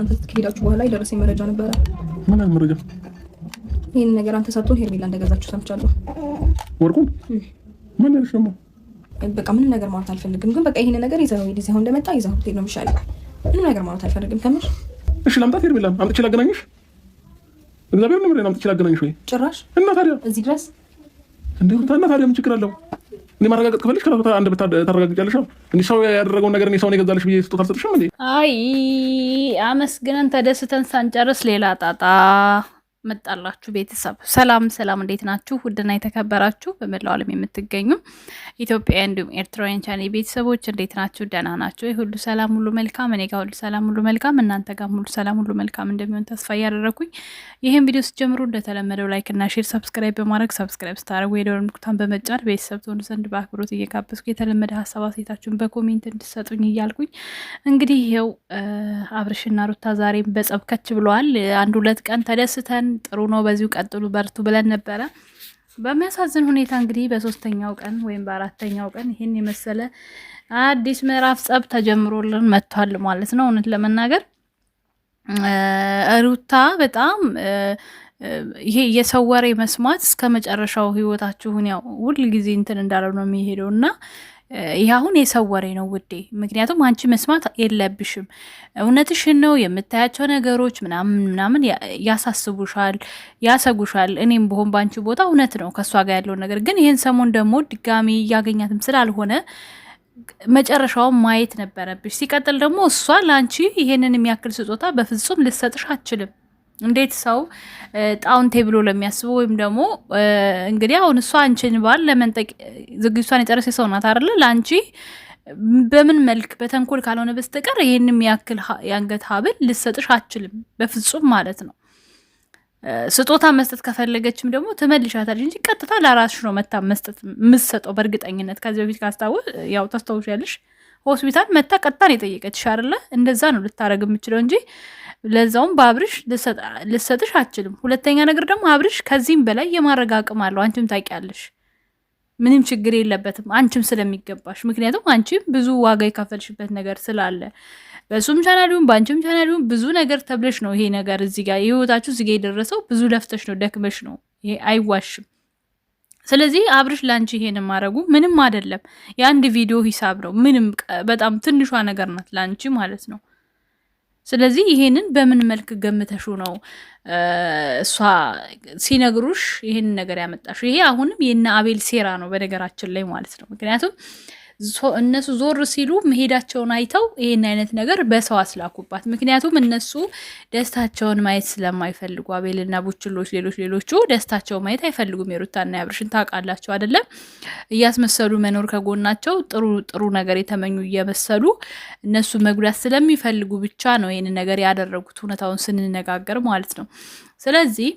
አንተ ከሄዳችሁ በኋላ የደረሰኝ መረጃ ነበረ። ምን አይነት መረጃ? ይህን ነገር አንተ ሰጥቶን ሄርሜላ እንደገዛችሁ ሰምቻለሁ። ወርቁን ምን ያልሽ በቃ ምንም ነገር ማለት አልፈልግም፣ ግን በቃ ይህን ነገር ይዘህ ሂድ። እዚህ እንደመጣ ይዘህ ሂድ ነው የሚሻለው። ምንም ነገር ማለት አልፈልግም ከምር። እሺ ላምጣት? ሄርሜላ አምጥቼ ላገናኝሽ? እግዚአብሔር ነው ምሬን አምጥቼ ላገናኝሽ ወይ? ጭራሽ እና ታዲያ እዚህ ድረስ እንዴ! እና ታዲያ ምን ችግር አለው? እንዴ ማረጋገጥ ከፈለሽ ከላታ አንድ ታረጋግጫለሽ። እንዴ ሰው ያደረገውን ነገር እኔ ሰውን የገዛለሽ ብዬ ስጦታ አልሰጥሽም እንዴ? አይ አመስግነን ተደስተን ሳንጨርስ ሌላ ጣጣ መጣላችሁ ቤተሰብ ሰላም ሰላም፣ እንዴት ናችሁ? ውድና የተከበራችሁ በመላው ዓለም የምትገኙ ኢትዮጵያ እንዲሁም ኤርትራውያን ቻኔ ቤተሰቦች እንዴት ናችሁ? ደህና ናቸው። ሁሉ ሰላም ሁሉ መልካም፣ እኔ ጋር ሁሉ ሰላም ሁሉ መልካም፣ እናንተ ጋር ሁሉ ሰላም ሁሉ መልካም እንደሚሆን ተስፋ እያደረኩኝ ይህን ቪዲዮ ስጀምሩ እንደተለመደው ላይክ እና ሼር፣ ሰብስክራይብ በማድረግ ሰብስክራይብ ስታደረጉ የደወል ምልክቱን በመጫን ቤተሰብ ትሆኑ ዘንድ በአክብሮት እየጋበዝኩ የተለመደ ሀሳብ አስተያየታችሁን በኮሜንት እንድሰጡኝ እያልኩኝ እንግዲህ ይኸው አብርሽና ሩታ ዛሬም በጸብ ከች ብለዋል። አንድ ሁለት ቀን ተደስተን ጥሩ ነው፣ በዚሁ ቀጥሉ፣ በርቱ ብለን ነበረ። በሚያሳዝን ሁኔታ እንግዲህ በሶስተኛው ቀን ወይም በአራተኛው ቀን ይህን የመሰለ አዲስ ምዕራፍ ጸብ ተጀምሮልን መጥቷል ማለት ነው። እውነት ለመናገር ሩታ በጣም ይሄ የሰው ወሬ መስማት እስከ መጨረሻው ህይወታችሁን ያው ሁል ጊዜ እንትን እንዳለው ነው የሚሄደው እና ይህ አሁን የሰው ወሬ ነው ውዴ፣ ምክንያቱም አንቺ መስማት የለብሽም። እውነትሽን ነው። የምታያቸው ነገሮች ምናምን ምናምን ያሳስቡሻል፣ ያሰጉሻል። እኔም ብሆን በአንቺ ቦታ እውነት ነው ከእሷ ጋር ያለውን ነገር ግን ይህን ሰሞን ደግሞ ድጋሚ እያገኛትም ስላልሆነ መጨረሻውን ማየት ነበረብሽ። ሲቀጥል ደግሞ እሷ ለአንቺ ይሄንን የሚያክል ስጦታ በፍጹም ልሰጥሽ አችልም። እንዴት ሰው ጣውን ቴብሎ ለሚያስቡ ወይም ደግሞ እንግዲህ አሁን እሷ አንቺን ባል ለመንጠቅ ዝግጅቷን የጨረሰ ሰው ናት አይደለ? ለአንቺ በምን መልክ በተንኮል ካልሆነ በስተቀር ይህንም ያክል የአንገት ሀብል ልሰጥሽ አችልም በፍጹም ማለት ነው። ስጦታ መስጠት ከፈለገችም ደግሞ ትመልሻታለሽ እንጂ ቀጥታ ለራስሽ ነው መታ መስጠት የምትሰጠው በእርግጠኝነት ከዚህ በፊት ካስታወ ያው ታስታውሻለሽ። ሆስፒታል መታ ቀጣን የጠየቀች አይደለ? እንደዛ ነው ልታረግ የምችለው እንጂ ለዛውም በአብርሽ ልሰጥሽ አችልም። ሁለተኛ ነገር ደግሞ አብርሽ ከዚህም በላይ የማድረግ አቅም አለው። አንቺም ታውቂያለሽ፣ ምንም ችግር የለበትም። አንቺም ስለሚገባሽ፣ ምክንያቱም አንቺም ብዙ ዋጋ የከፈልሽበት ነገር ስላለ በእሱም ቻናል ይሁን በአንቺም ቻናል ይሁን ብዙ ነገር ተብለሽ ነው ይሄ ነገር እዚህ ጋር የህይወታችሁ እዚህ የደረሰው ብዙ ለፍተሽ ነው ደክመሽ ነው። ይሄ አይዋሽም። ስለዚህ አብርሽ ላንቺ ይሄን ማድረጉ ምንም አይደለም፣ የአንድ ቪዲዮ ሂሳብ ነው። ምንም በጣም ትንሿ ነገር ናት ላንቺ ማለት ነው። ስለዚህ ይሄንን በምን መልክ ገምተሹ ነው እሷ ሲነግሩሽ ይሄንን ነገር ያመጣሹ? ይሄ አሁንም የነ አቤል ሴራ ነው በነገራችን ላይ ማለት ነው። ምክንያቱም እነሱ ዞር ሲሉ መሄዳቸውን አይተው ይህን አይነት ነገር በሰው አስላኩባት። ምክንያቱም እነሱ ደስታቸውን ማየት ስለማይፈልጉ አቤልና ቡችሎች፣ ሌሎች ሌሎቹ ደስታቸው ማየት አይፈልጉም። የሩታና ያብርሽን ታውቃላቸው አይደለም? እያስመሰሉ መኖር ከጎናቸው ጥሩ ጥሩ ነገር የተመኙ እየመሰሉ እነሱ መጉዳት ስለሚፈልጉ ብቻ ነው ይህን ነገር ያደረጉት እውነታውን ስንነጋገር ማለት ነው። ስለዚህ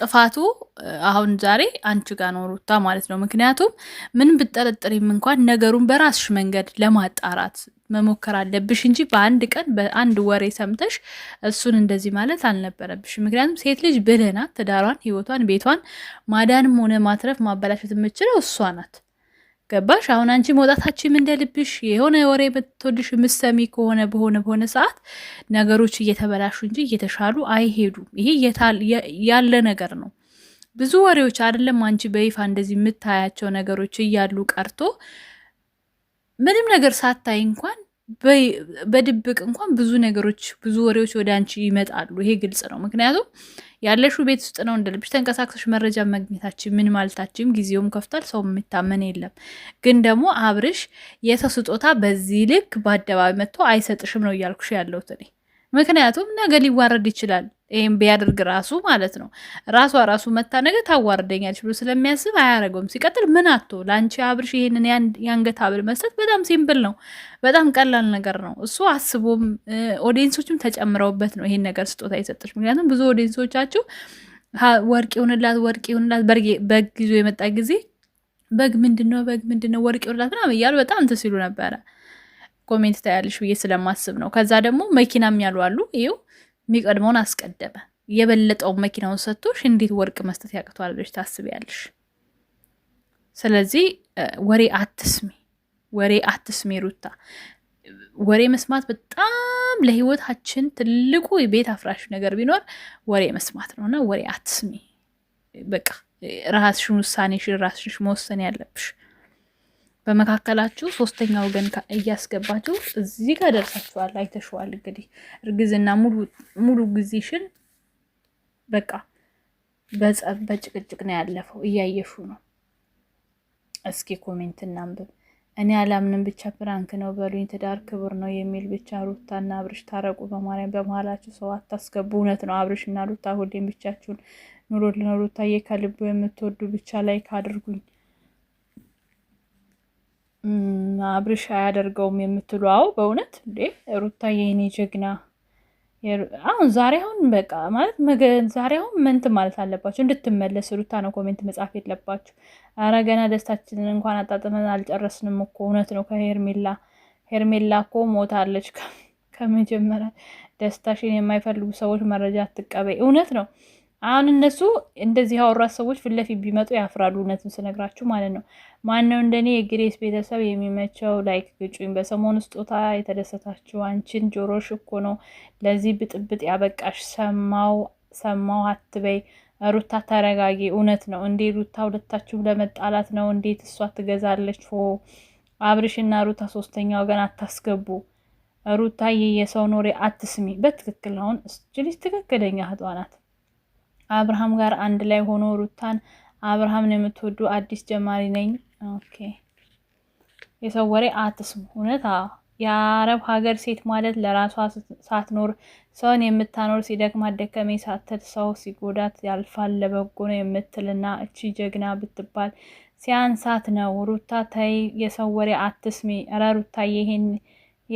ጥፋቱ አሁን ዛሬ አንቺ ጋር ነው ሩታ ማለት ነው። ምክንያቱም ምን ብጠረጥሪም እንኳን ነገሩን በራስሽ መንገድ ለማጣራት መሞከር አለብሽ እንጂ በአንድ ቀን በአንድ ወሬ ሰምተሽ እሱን እንደዚህ ማለት አልነበረብሽ። ምክንያቱም ሴት ልጅ ብልህ ናት። ትዳሯን፣ ቤቷን ማዳንም ሆነ ማትረፍ ማበላሸት የምችለው እሷ ናት። ገባሽ? አሁን አንቺ መውጣታችን እንደልብሽ የሆነ ወሬ በትልሽ ምሰሚ ከሆነ በሆነ በሆነ ሰዓት ነገሮች እየተበላሹ እንጂ እየተሻሉ አይሄዱም። ይሄ ያለ ነገር ነው። ብዙ ወሬዎች አይደለም አንቺ በይፋ እንደዚህ የምታያቸው ነገሮች እያሉ ቀርቶ ምንም ነገር ሳታይ እንኳን በድብቅ እንኳን ብዙ ነገሮች ብዙ ወሬዎች ወደ አንቺ ይመጣሉ። ይሄ ግልጽ ነው። ምክንያቱም ያለሹ ቤት ውስጥ ነው እንደ ልብሽ ተንቀሳቅሰሽ መረጃ መግኘታችን ምን ማለታችን፣ ጊዜውም ከፍቷል። ሰው የሚታመን የለም። ግን ደግሞ አብርሽ የሰው ስጦታ በዚህ ልክ በአደባባይ መጥቶ አይሰጥሽም ነው እያልኩሽ ያለሁት እኔ። ምክንያቱም ነገ ሊዋረድ ይችላል። ይህም ቢያደርግ ራሱ ማለት ነው ራሷ ራሱ መታ ነገ ታዋርደኛለች ብሎ ስለሚያስብ አያደርገውም። ሲቀጥል ምን አቶ ለአንቺ አብርሽ ይህንን የአንገት ሀብል መስጠት በጣም ሲምብል ነው፣ በጣም ቀላል ነገር ነው። እሱ አስቦም ኦዲየንሶችም ተጨምረውበት ነው ይሄን ነገር ስጦታ የሰጠች። ምክንያቱም ብዙ ኦዲየንሶቻቸው ወርቅ ይሁንላት፣ ወርቅ ይሁንላት፣ በግ ይዞ የመጣ ጊዜ በግ ምንድን ነው፣ በግ ምንድን ነው፣ ወርቅ ይሁንላት ምናምን እያሉ በጣም እንትን ሲሉ ነበረ። ኮሜንት ታያለሽ ብዬ ስለማስብ ነው። ከዛ ደግሞ መኪናም ያሉ አሉ። ይኸው የሚቀድመውን አስቀደመ። የበለጠውን መኪናውን ሰጥቶሽ እንዴት ወርቅ መስጠት ያቅተዋለች ታስቢያለሽ? ስለዚህ ወሬ አትስሚ፣ ወሬ አትስሚ ሩታ። ወሬ መስማት በጣም ለህይወታችን ትልቁ የቤት አፍራሽ ነገር ቢኖር ወሬ መስማት ነው እና ወሬ አትስሚ። በቃ ራስሽን ውሳኔሽን ራስሽ መወሰን ያለብሽ በመካከላችሁ ሶስተኛ ወገን እያስገባችሁ እዚህ ጋር ደርሳችኋል። አይተሸዋል እንግዲህ እርግዝና ሙሉ ጊዜሽን በቃ በጸብ በጭቅጭቅ ነው ያለፈው። እያየሹ ነው። እስኪ ኮሜንት እናንብብ። እኔ አላምንም ብቻ ፕራንክ ነው በሉኝ። ትዳር ክቡር ነው የሚል ብቻ ሩታና አብርሽ ታረቁ፣ በማርያም በመሀላችሁ ሰው አታስገቡ። እውነት ነው አብርሽ እና ሩታ ሁሌም ብቻችሁን ኑሮ ልነው። ሩታዬ ከልቡ የምትወዱ ብቻ ላይክ አድርጉኝ። አብርሽ አያደርገውም የምትሉ፣ አዎ በእውነት እንዴ ሩታ የኔ ጀግና። አሁን ዛሬ አሁን በቃ ማለት ዛሬ አሁን መንት ማለት አለባቸው እንድትመለስ ሩታ ነው። ኮሜንት መጻፍ የለባችሁ። አረ ገና ደስታችንን እንኳን አጣጥመን አልጨረስንም እኮ። እውነት ነው ከሄርሜላ ሄርሜላ እኮ ሞታለች። ከመጀመሪያ ደስታሽን የማይፈልጉ ሰዎች መረጃ አትቀበይ። እውነት ነው። አሁን እነሱ እንደዚህ ያወራት ሰዎች ፊት ለፊት ቢመጡ ያፍራሉ። እውነቱን ስነግራችሁ ማለት ነው። ነው እንደኔ የግሬስ ቤተሰብ የሚመቸው? ላይክ ግጩኝ። በሰሞኑ ስጦታ የተደሰታችሁ አንቺን ጆሮሽ እኮ ነው ለዚህ ብጥብጥ ያበቃሽ። ሰማው ሰማው አትበይ ሩታ ተረጋጊ። እውነት ነው እንዴ ሩታ? ሁለታችሁ ለመጣላት ነው እንዴት? እሷ ትገዛለች። ፎ አብርሽና ሩታ ሶስተኛ ወገን አታስገቡ። ሩታዬ የሰው ኖሬ አትስሚ። በትክክል አሁን ትክክለኛ ህጧ ናት። አብርሃም ጋር አንድ ላይ ሆኖ ሩታን አብርሃም ነው የምትወዱ አዲስ ጀማሪ ነኝ። ኦኬ የሰው ወሬ አትስሙ። እውነት የአረብ ሀገር ሴት ማለት ለራሷ ሳትኖር ሰውን የምታኖር ሲደክማት ደከመኝ ሳትል ሰው ሲጎዳት ያልፋል ለበጎ ነው የምትልና እቺ ጀግና ብትባል ሲያንሳት ነው። ሩታ ተይ፣ የሰው ወሬ አትስሚ። ኧረ ሩታ ይሄን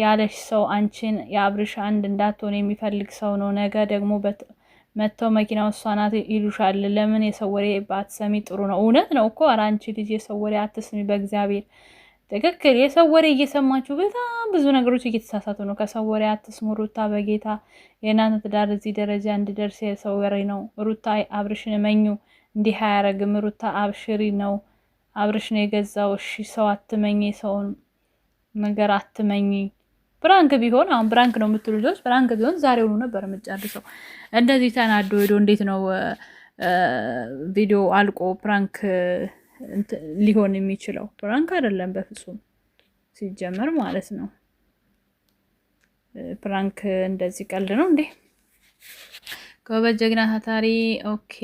ያለሽ ሰው አንቺን የአብርሽ አንድ እንዳትሆን የሚፈልግ ሰው ነው። ነገ ደግሞ መጥተው መኪናው እሷ ናት ይሉሻል። ለምን የሰው ወሬ ባትሰሚ ጥሩ ነው። እውነት ነው እኮ ኧረ አንቺ ልጅ የሰው ወሬ አትስሚ በእግዚአብሔር ትክክል። የሰው ወሬ እየሰማችሁ በጣም ብዙ ነገሮች እየተሳሳቱ ነው። ከሰው ወሬ አትስሙ። ሩታ በጌታ የእናንተ ትዳር እዚህ ደረጃ እንዲደርስ የሰው ወሬ ነው። ሩታ አብርሽን መኙ፣ እንዲህ አያረግም። ሩታ አብሽሪ ነው አብርሽ ነው የገዛው። እሺ ሰው አትመኝ፣ የሰውን ነገር አትመኝ። ብራንክ ቢሆን አሁን ብራንክ ነው የምትሉ ልጆች ብራንክ ቢሆን ዛሬውኑ ነበር የምጨርሰው። እንደዚህ ተናዶ ሄዶ እንዴት ነው ቪዲዮ አልቆ ፕራንክ ሊሆን የሚችለው? ፕራንክ አይደለም በፍጹም ሲጀመር ማለት ነው። ፕራንክ እንደዚህ ቀልድ ነው እንዴ? ጎበዝ ጀግና ታታሪ። ኦኬ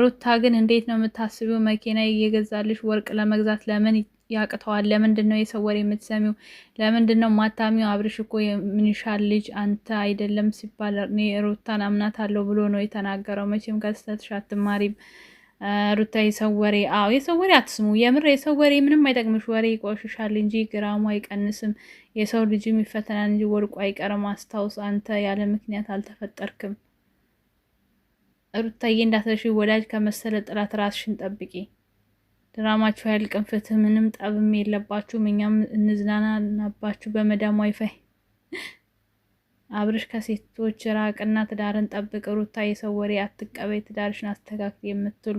ሩታ ግን እንዴት ነው የምታስቢው? መኪና እየገዛልሽ ወርቅ ለመግዛት ለምን ያቅተዋል። ለምንድን ነው የሰው ወሬ የምትሰሚው? ለምንድን ነው ማታሚው? አብርሽ እኮ የምንሻል ልጅ አንተ አይደለም ሲባል እኔ ሩታን አለው ብሎ ነው የተናገረው። መቼም ከስተትሽ አትማሪም ሩታ የሰው ወሬ አዎ፣ የሰው ወሬ አትስሙ። የምር የሰው ወሬ ምንም አይጠቅምሽ። ወሬ ይቆሽሻል እንጂ ግራሙ አይቀንስም። የሰው ልጅም ይፈተናል እንጂ ወድቆ አይቀርም። አስታውስ፣ አንተ ያለ ምክንያት አልተፈጠርክም። ሩታዬ እንዳትረሺ፣ ወዳጅ ከመሰለ ጥላት ራስሽን ጠብቂ። ድራማችሁ አያልቅም። ፍትህ ምንም ጠብም የለባችሁም። እኛም እንዝናናባችሁ በመዳም ዋይፋይ። አብርሽ ከሴቶች ራቅና ትዳርን ጠብቅ። ሩታ የሰው ወሬ አትቀበይ፣ ትዳርሽን አስተካክል የምትሉ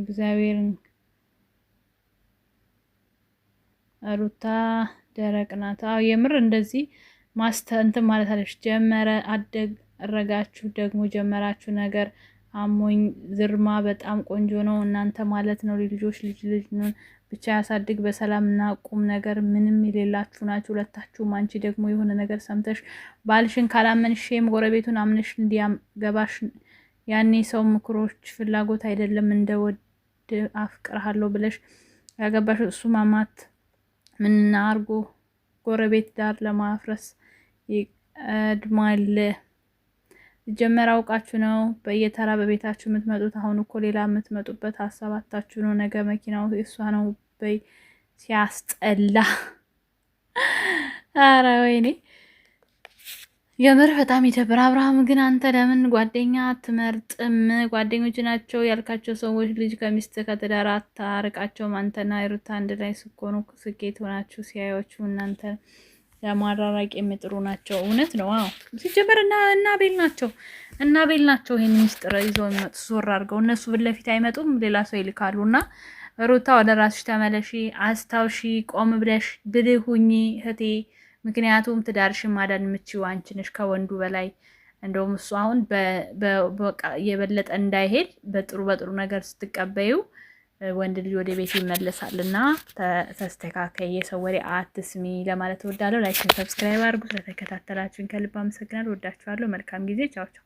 እግዚአብሔር ሩታ ደረቅ ናት። አዎ የምር እንደዚህ ማስተ እንትን ማለት አለች። ጀመረ አደረጋችሁ ደግሞ ጀመራችሁ ነገር አሞኝ ዝርማ በጣም ቆንጆ ነው እናንተ ማለት ነው። ልጆች ልጅ ልጅን ብቻ ያሳድግ በሰላም እና ቁም ነገር ምንም የሌላችሁ ናችሁ ሁለታችሁም። አንቺ ደግሞ የሆነ ነገር ሰምተሽ ባልሽን ካላመንሽም ጎረቤቱን አምነሽ እንዲያገባሽ ያኔ ሰው ምክሮች ፍላጎት አይደለም እንደ ወድ አፍቅርሃለሁ ብለሽ ያገባሽ እሱ ማማት ምንና አርጎ ጎረቤት ዳር ለማፍረስ ይቀድማል። ጀመር አውቃችሁ ነው በየተራ በቤታችሁ የምትመጡት። አሁን እኮ ሌላ የምትመጡበት ሀሳብ አታችሁ ነው። ነገ መኪናው እሷ ነው በይ። ሲያስጠላ! አረ ወይኔ የምር በጣም ይደብር። አብርሃም ግን አንተ ለምን ጓደኛ አትመርጥም? ጓደኞች ናቸው ያልካቸው ሰዎች ልጅ ከሚስት ከትዳር አታርቃቸውም? አንተና ሩታ አንድ ላይ ስኮኑ ስኬት ሆናችሁ ሲያዩችሁ እናንተ ለማራራቅ የሚጥሩ ናቸው። እውነት ነው። አዎ ሲጀመር እና ቤል ናቸው እና ቤል ናቸው ይህን ሚስጥር ይዘው የሚመጡ ዞር አድርገው እነሱ ፊት ለፊት አይመጡም፣ ሌላ ሰው ይልካሉ። እና ሩታ ወደ ራስሽ ተመለሺ፣ አስታውሺ፣ ቆም ብለሽ ብልህ ሁኚ እህቴ። ምክንያቱም ትዳርሽን ማዳን የምችይው አንቺ ነሽ ከወንዱ በላይ። እንደውም እሱ አሁን የበለጠ እንዳይሄድ በጥሩ በጥሩ ነገር ስትቀበዩ ወንድ ልጅ ወደ ቤት ይመለሳልና ተስተካከይ፣ የሰው ወሬ አትስሚ ለማለት እወዳለሁ። ላይክ ሰብስክራይብ አድርጉ። ስለተከታተላችሁን ከልብ አመሰግናለሁ። ወዳችኋለሁ። መልካም ጊዜ። ቻው ቻው።